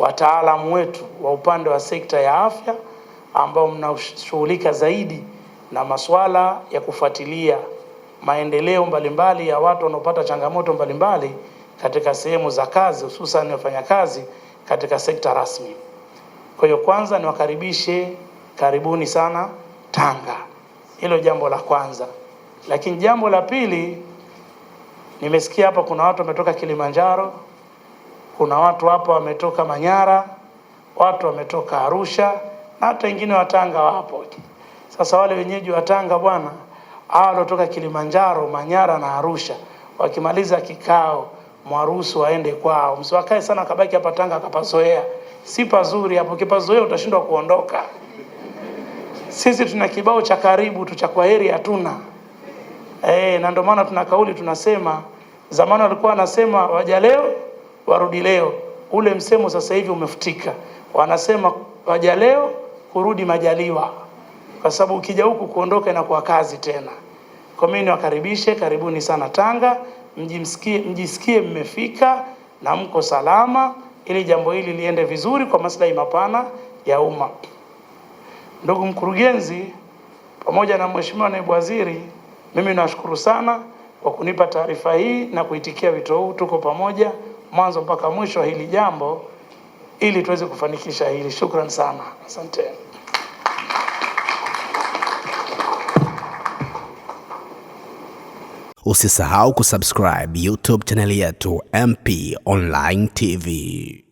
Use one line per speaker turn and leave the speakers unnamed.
wataalamu wetu wa upande wa sekta ya afya ambao mnashughulika zaidi na masuala ya kufuatilia maendeleo mbalimbali ya watu wanaopata changamoto mbalimbali katika sehemu za kazi, hususan wafanyakazi katika sekta rasmi. Kwa hiyo kwanza niwakaribishe, karibuni sana Tanga. Hilo jambo la kwanza, lakini jambo la pili, nimesikia hapa kuna watu wametoka Kilimanjaro. Kuna watu hapa wametoka Manyara, watu wametoka Arusha na hata wengine wa Tanga wapo. Sasa wale wenyeji wa Tanga bwana, hao waliotoka Kilimanjaro, Manyara na Arusha, wakimaliza kikao mwaruhusu waende kwao, msiwakae sana kabaki hapa Tanga akapazoea. Si pazuri hapo, kipazoea utashindwa kuondoka. Sisi tuna kibao cha karibu tu cha kwaheri hatuna. Eh, na ndio maana tuna kauli tunasema, zamani walikuwa wanasema waja leo warudi leo. Ule msemo sasa hivi umefutika, wanasema waja leo kurudi majaliwa, kwa sababu ukija huku kuondoka inakuwa kazi tena. Kwa mimi niwakaribishe, karibuni sana Tanga, mjisikie mjisikie mmefika na mko salama, ili jambo hili liende vizuri kwa maslahi mapana ya umma. Ndugu mkurugenzi pamoja na mheshimiwa naibu waziri, mimi nawashukuru sana kwa kunipa taarifa hii na kuitikia wito huu. Tuko pamoja mwanzo mpaka mwisho hili jambo ili tuweze kufanikisha hili. Shukran sana, asanteni. Usisahau kusubscribe YouTube chaneli yetu MP Online TV.